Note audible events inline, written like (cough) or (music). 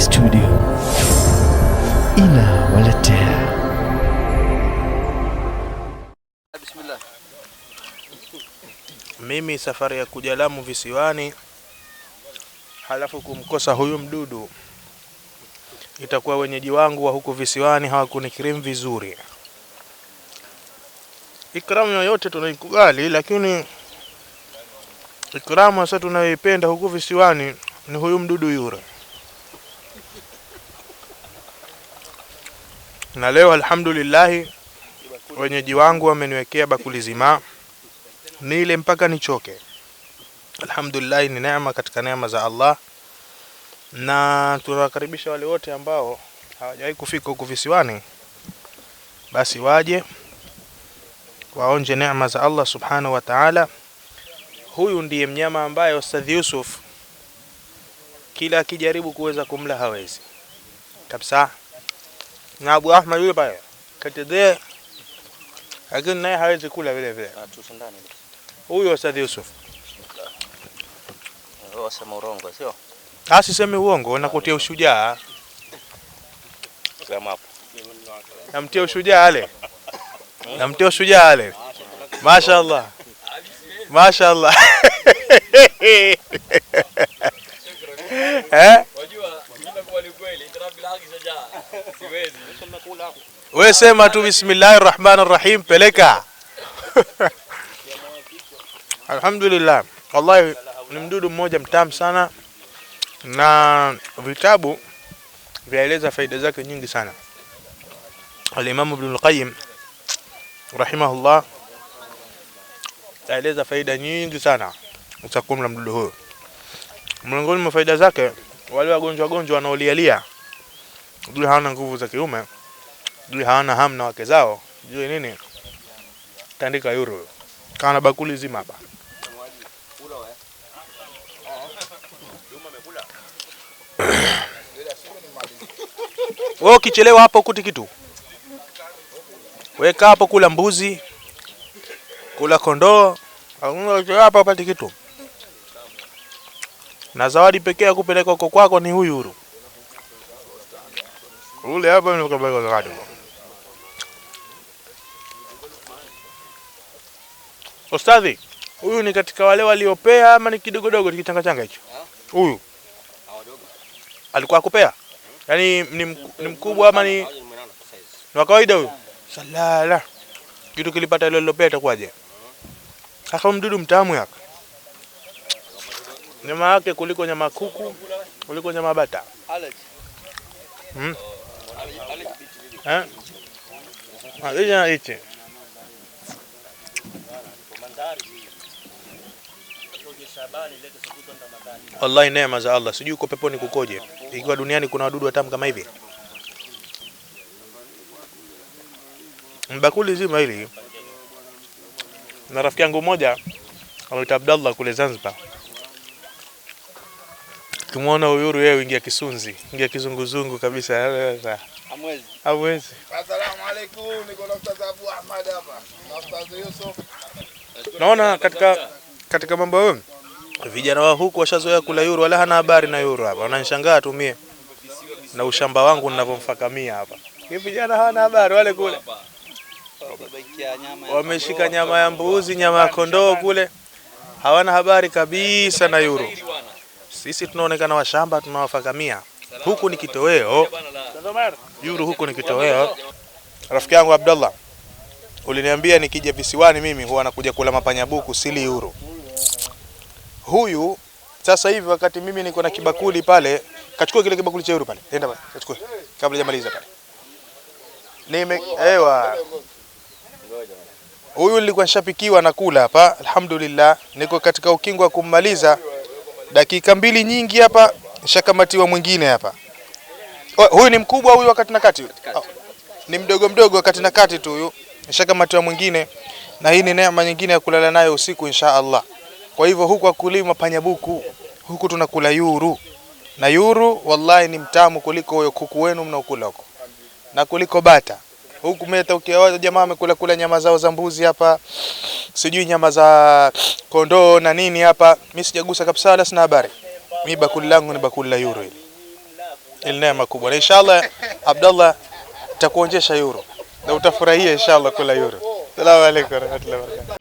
Studio inawaletea mimi safari ya kuja Lamu visiwani, halafu kumkosa huyu mdudu, itakuwa wenyeji wangu wa huku visiwani hawakunikirim vizuri. Ikramu yoyote tunaikubali, lakini ikramu hasa tunayoipenda huku visiwani ni huyu mdudu yure na leo alhamdulillahi, wenyeji wangu wameniwekea bakuli zima nile mpaka nichoke. Alhamdulillahi, ni neema katika neema za Allah, na tunawakaribisha wale wote ambao hawajawahi kufika huku visiwani, basi waje waonje neema za Allah subhanahu wa ta'ala. Huyu ndiye mnyama ambaye Ustadh Yusuf kila akijaribu kuweza kumla hawezi kabisa na Abu Ahmad yule pale katedee, lakini naye hawezi kula vile vile. Ah, Huyo Ustadh Yusuf eh, asisemi ah, uongo, nakutia ushujaa, namtia ushujaa ale, namtia ushujaa ale. Mashaallah, mashaallah. (laughs) Eh? We sema tu bismillahi rahmani rahim, peleka (laughs) alhamdulillah. Wallahi ni mdudu mmoja mtamu sana, na vitabu vyaeleza faida zake nyingi sana. Alimamu Ibnul Qayyim rahimahullah aeleza faida nyingi sana za kumla mdudu huyo. Miongoni mwa faida zake, wale wagonjwa gonjwa wanaolialia, mdudu hana nguvu za kiume sijui hawana hamu na wake zao, sijui nini, tandika yuro kana bakuli zima hapa. (coughs) Wewe ukichelewa hapo kuti kitu weka hapo, kula mbuzi, kula kondoo, hapa upate kitu. Na zawadi pekee ya kupeleka uko kwako ni huyu huru ule hapa. Ustadhi, huyu ni katika wale waliopea ama ni kidogodogo changa hicho? Huyu alikuwa akupea? Yaani ni mkubwa ama ni wa kawaida huyu? Salala. Kitu kilipata ile lilopea itakuwaje? Haka hmm. mdudu mtamu yaka. Nyama yake kuliko nyama kuku, kuliko nyama bata. Hmm. Oh, eh? Ah, Wallahi, neema za Allah, sijui uko peponi kukoje, ikiwa duniani kuna wadudu watamu kama hivi. Mbakuli zima hili na rafiki yangu mmoja anaitwa Abdallah kule Zanzibar, kimwona uyuru yeye ingia kisunzi, ingia kizunguzungu kabisa, hamwezi hamwezi. Asalamu alaykum, niko na Ustadh Abu Ahmad hapa na Yusuf. Naona katika katika mambo yao Vijana wa huku washazoea kula yuru wala hana habari na yuru hapa. Wananishangaa tu mie na ushamba wangu ninavyomfakamia hapa. Hivi vijana hawana habari wale kule. Wameshika nyama ya mbuzi, nyama ya kondoo kule. Hawana habari kabisa na yuru Sisi tunaonekana washamba tunawafakamia. Huku ni kitoweo. yuru huku ni kitoweo. Rafiki yangu Abdallah, uliniambia nikija visiwani mimi huwa nakuja kula mapanyabuku sili yuru huyu sasa hivi wakati mimi niko na kibakuli pale, kachukua kile kibakuli cha euro pale, nenda pale kachukua, kabla hajamaliza pale. Nime ewa huyu nilikuwa nishapikiwa na kula hapa, alhamdulillah, niko katika ukingo wa kummaliza, dakika mbili nyingi hapa nishakamatiwa mwingine hapa. Oh, huyu ni mkubwa huyu, wakati na kati oh, ni mdogo mdogo, wakati na kati tu huyu, nishakamatiwa mwingine, na hii ni neema nyingine ya kulala nayo usiku insha Allah. Kwa hivyo huku akulima panyabuku, huku tunakula yuru, na yuru wallahi ni mtamu kuliko huyo kuku wenu mnaokula huko na kuliko bata huku meta. Ukiawaza jamaa amekula kula nyama zao za mbuzi hapa, sijui nyama za kondoo na nini hapa, mimi sijagusa kabisa, wala sina habari. Mimi bakuli langu ni bakuli la yuru ile ile, neema kubwa, na inshallah Abdallah takuonjesha yuru na utafurahia inshallah kula yuru. Salamu alaykum wa rahmatullahi wa barakatuh.